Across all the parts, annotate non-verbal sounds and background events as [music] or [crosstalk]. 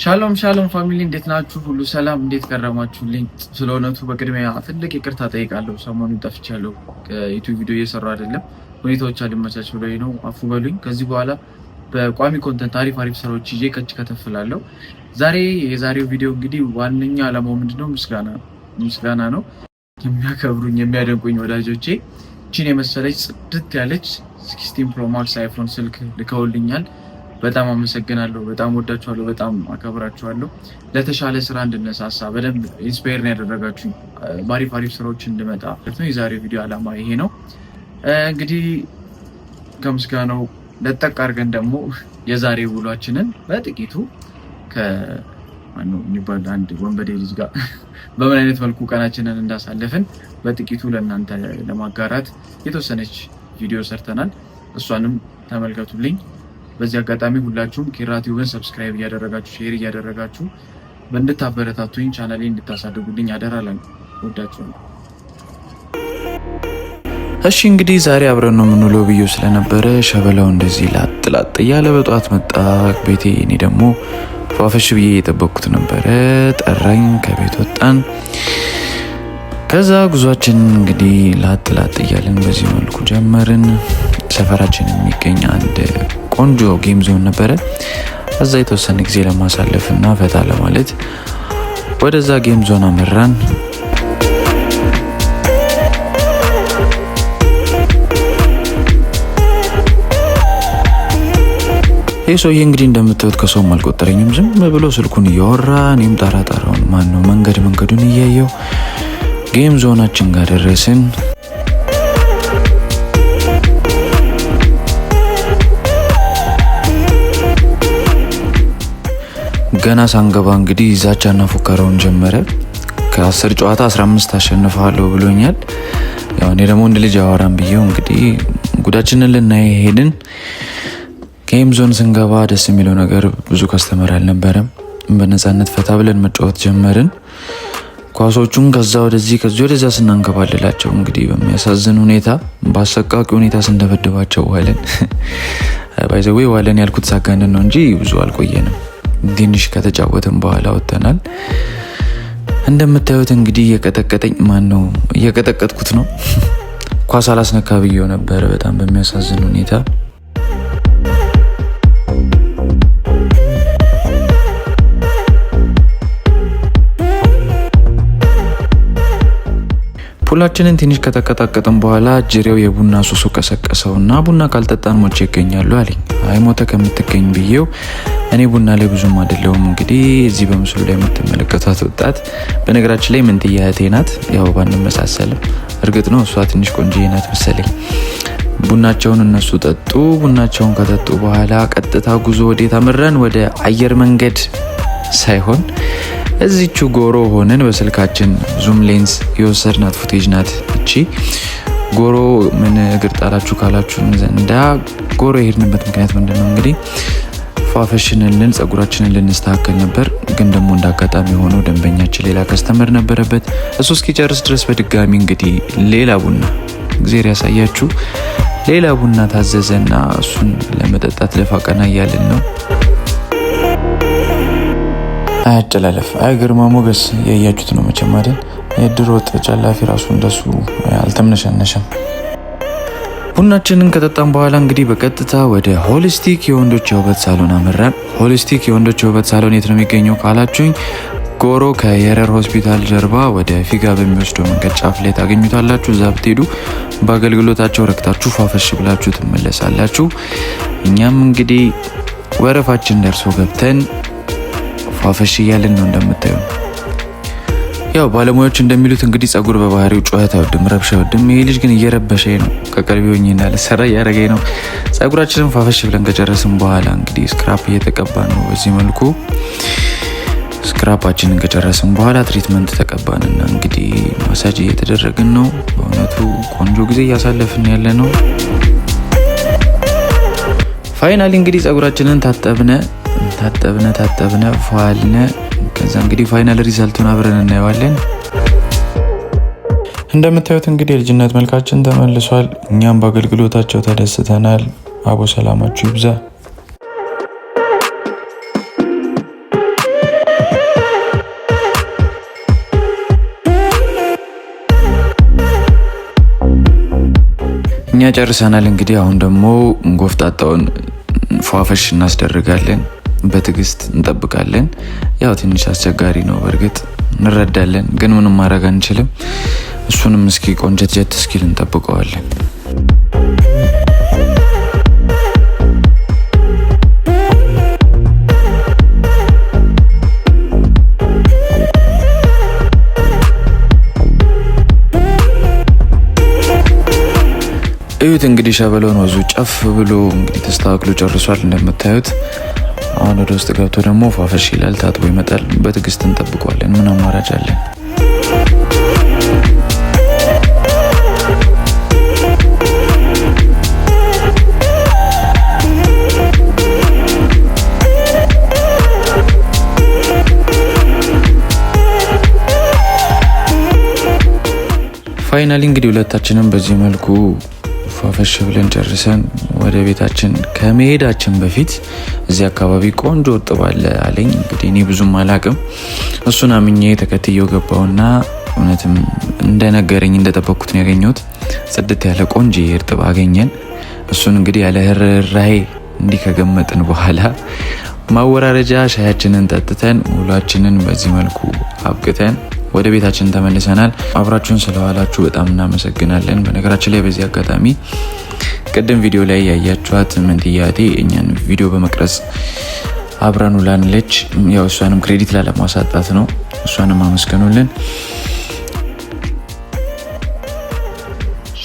ሻሎም ሻሎም ፋሚሊ እንዴት ናችሁ? ሁሉ ሰላም? እንዴት ቀረማችሁልኝ? ስለ እውነቱ በቅድሚያ ትልቅ ይቅርታ ጠይቃለሁ። ሰሞኑን ጠፍቻለሁ። ዩቱብ ቪዲዮ እየሰራ አይደለም፣ ሁኔታዎች አልመቻች ብሎኝ ነው። አፉ በሉኝ። ከዚህ በኋላ በቋሚ ኮንተንት አሪፍ አሪፍ ስራዎች ይዤ ከች ከተፍላለሁ። ዛሬ የዛሬው ቪዲዮ እንግዲህ ዋነኛ ዓላማው ምንድነው? ምስጋና ምስጋና ነው። የሚያከብሩኝ የሚያደንቁኝ ወዳጆቼ እችን የመሰለች ጽድት ያለች 16 ፕሮማክስ አይፎን ስልክ ልከውልኛል። በጣም አመሰግናለሁ። በጣም ወዳችኋለሁ። በጣም አከብራችኋለሁ። ለተሻለ ስራ እንድነሳሳ በደንብ ኢንስፓየር ነው ያደረጋችሁኝ። ባሪፍ አሪፍ ስራዎች እንድመጣ ነው የዛሬ ቪዲዮ አላማ ይሄ ነው። እንግዲህ ከምስጋናው ለጠቅ አድርገን ደግሞ የዛሬ ውሏችንን በጥቂቱ የሚባል አንድ ወንበዴ ልጅ ጋር [laughs] በምን አይነት መልኩ ቀናችንን እንዳሳለፍን በጥቂቱ ለእናንተ ለማጋራት የተወሰነች ቪዲዮ ሰርተናል። እሷንም ተመልከቱልኝ። በዚህ አጋጣሚ ሁላችሁም ኬራ ሰብስክራይብ እያደረጋችሁ ሼር እያደረጋችሁ በእንድታበረታቱኝ ቻናሌ እንድታሳድጉልኝ አደራለን። ወዳችሁ ነው። እሺ እንግዲህ ዛሬ አብረን ነው የምንውለው ብዬ ስለነበረ ሸበላው እንደዚህ ላጥ ላጥ እያለ በጠዋት መጣ ቤቴ። እኔ ደግሞ ፏፈሽ ብዬ የጠበቅኩት ነበረ። ጠራኝ፣ ከቤት ወጣን። ከዛ ጉዟችን እንግዲህ ላጥ ላጥ እያለን በዚህ መልኩ ጀመርን። ሰፈራችን የሚገኝ አንድ ቆንጆ ጌም ዞን ነበረ። እዛ የተወሰነ ጊዜ ለማሳለፍ እና ፈታ ለማለት ወደዛ ጌም ዞን አመራን። ይህ ሰውዬ እንግዲህ እንደምታዩት ከሰውም አልቆጠረኝም። ዝም ብሎ ስልኩን እያወራ እኔም ጣራ ጣራውን ማን መንገድ መንገዱን እያየው ጌም ዞናችን ጋር ደረስን። ገና ሳንገባ እንግዲህ ይዛቻና ፉከራውን ጀመረ። ከአስር ጨዋታ 15 አሸንፈዋለሁ ብሎኛል። ያው እኔ ደግሞ እንድ ልጅ አዋራን ብዬው እንግዲህ ጉዳችንን ልናይ ሄድን። ጌም ዞን ስንገባ ደስ የሚለው ነገር ብዙ ከስተመር አልነበረም። በነፃነት ፈታ ብለን መጫወት ጀመርን። ኳሶቹን ከዛ ወደዚህ ከዚህ ወደዛ ስናንከባልላቸው እንግዲህ በሚያሳዝን ሁኔታ በአሰቃቂ ሁኔታ ስንደበድባቸው ዋለን። [laughs] ባይዘዌ ዋለን ያልኩት ሳጋንን ነው እንጂ ብዙ አልቆየንም። ትንሽ ከተጫወትን በኋላ ወጥተናል። እንደምታዩት እንግዲህ እየቀጠቀጠኝ ማን ነው? እየቀጠቀጥኩት ነው። [laughs] ኳስ አላስነካ ብዬው ነበረ በጣም በሚያሳዝን ሁኔታ ሁላችንን ትንሽ ከተቀጣቀጥን በኋላ ጅሬው የቡና ሱሱ ቀሰቀሰውና ቡና ካልጠጣን ሞቼ ይገኛሉ አለኝ። አይ ሞተ ከምትገኝ ብዬው እኔ ቡና ላይ ብዙም አይደለሁም። እንግዲህ እዚህ በምስሉ ላይ የምትመለከቷት ወጣት በነገራችን ላይ ምን እህቴ ናት። ያው ባንመሳሰልም እርግጥ ነው እሷ ትንሽ ቆንጆ ናት መሰለኝ። ቡናቸውን እነሱ ጠጡ። ቡናቸውን ከጠጡ በኋላ ቀጥታ ጉዞ ወዴት አመራን? ወደ አየር መንገድ ሳይሆን እዚቹ ጎሮ ሆነን በስልካችን ዙም ሌንስ የወሰድናት ፉቴጅ ናት እቺ። ጎሮ ምን እግር ጣላችሁ ካላችሁ ዘንዳ ጎሮ የሄድንበት ምክንያት ምንድነው? እንግዲህ ፏፈሽንን ልን ጸጉራችንን ልንስተካከል ነበር፣ ግን ደግሞ እንዳጋጣሚ የሆነው ደንበኛችን ሌላ ከስተመር ነበረበት። እሱ እስኪጨርስ ድረስ በድጋሚ እንግዲህ ሌላ ቡና እግዜር ያሳያችሁ፣ ሌላ ቡና ታዘዘና እሱን ለመጠጣት ደፋ ቀና እያልን ነው። አያጨላለፍ አይ ግርማ ሞገስ ያያችሁት ነው መቼም አይደል? የድሮ ጨላፊ ራሱ እንደሱ አልተምነሸነሸም። ቡናችንን ከጠጣም በኋላ እንግዲህ በቀጥታ ወደ ሆሊስቲክ የወንዶች የውበት ሳሎን አመራን። ሆሊስቲክ የወንዶች የውበት ሳሎን የት ነው የሚገኘው ካላችሁኝ ጎሮ ከየረር ሆስፒታል ጀርባ ወደ ፊጋ በሚወስደው መንገድ ጫፍ ላይ ታገኙታላችሁ። እዛ ብትሄዱ በአገልግሎታቸው ረክታችሁ ፏፈሽ ብላችሁ ትመለሳላችሁ። እኛም እንግዲህ ወረፋችን ደርሶ ገብተን ፏፈሽ እያለን ነው እንደምታዩ ያው ባለሙያዎች እንደሚሉት እንግዲህ ጸጉር በባህሪው ጩኸት አይወድም፣ ረብሻ አይወድም። ይሄ ልጅ ግን እየረበሸኝ ነው፣ ከቀልቢ ሆኝና ለሰራ እያደረገኝ ነው። ጸጉራችንን ፋፈሽ ብለን ከጨረስን በኋላ እንግዲህ ስክራፕ እየተቀባ ነው። በዚህ መልኩ ስክራፓችንን ከጨረስን በኋላ ትሪትመንት ተቀባንና እንግዲህ ማሳጅ እየተደረግን ነው። በእውነቱ ቆንጆ ጊዜ እያሳለፍን ያለ ነው። ፋይናሊ እንግዲህ ጸጉራችንን ታጠብነ ታጠብነ ታጠብነ ፏልነ ከዛ እንግዲህ ፋይናል ሪዛልቱን አብረን እናየዋለን። እንደምታዩት እንግዲህ የልጅነት መልካችን ተመልሷል። እኛም በአገልግሎታቸው ተደስተናል። አቦ ሰላማችሁ ይብዛ። እኛ ጨርሰናል። እንግዲህ አሁን ደግሞ እንጎፍጣጣውን ፏፈሽ እናስደርጋለን። በትዕግስት እንጠብቃለን። ያው ትንሽ አስቸጋሪ ነው በእርግጥ እንረዳለን፣ ግን ምንም ማድረግ አንችልም። እሱንም እስኪ ቆንጀት ጀት እስኪል እንጠብቀዋለን። እዩት እንግዲህ ሸበለውን ወዙ ጨፍ ብሎ እንግዲህ ተስተካክሎ ጨርሷል እንደምታዩት አሁን ወደ ውስጥ ገብቶ ደግሞ ፏፈሽ ይላል፣ ታጥቦ ይመጣል። በትዕግስት እንጠብቋለን። ምን አማራጭ አለን? ፋይናሊ እንግዲህ ሁለታችንም በዚህ መልኩ ፏፈሽ ብለን ጨርሰን ወደ ቤታችን ከመሄዳችን በፊት እዚህ አካባቢ ቆንጆ እርጥብ አለ አለኝ። እንግዲህ እኔ ብዙም አላቅም። እሱን አምኜ ተከትየው ገባውና እውነትም እንደነገረኝ እንደጠበቅኩት ነው ያገኘሁት። ጽድት ያለ ቆንጆ እርጥብ አገኘን። እሱን እንግዲህ ያለ ርኅራኄ እንዲህ ከገመጥን በኋላ ማወራረጃ ሻያችንን ጠጥተን ውሏችንን በዚህ መልኩ አብቅተን ወደ ቤታችን ተመልሰናል። አብራችሁን ስለዋላችሁ በጣም እናመሰግናለን። በነገራችን ላይ በዚህ አጋጣሚ ቅድም ቪዲዮ ላይ ያያችኋት ምንትያቴ እኛን ቪዲዮ በመቅረጽ አብረን ውላለች። ያው እሷንም ክሬዲት ላለማሳጣት ነው። እሷንም አመስገኑልን።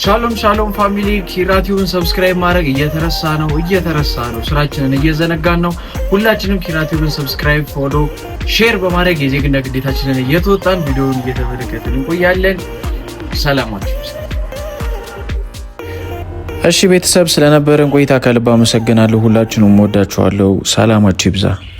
ሻሎም ሻሎም ፋሚሊ ኪራቲውን ሰብስክራይብ ማድረግ እየተረሳ ነው እየተረሳ ነው፣ ስራችንን እየዘነጋን ነው። ሁላችንም ኪራቲውን ሰብስክራይብ፣ ፎሎ፣ ሼር በማድረግ የዜግነት ግዴታችንን እየተወጣን ቪዲዮውን እየተመለከትን እንቆያለን። ሰላማችሁ። እሺ ቤተሰብ ስለነበረን ቆይታ ከልብ አመሰግናለሁ። ሁላችንም ወዳችኋለሁ። ሰላማችሁ ይብዛ።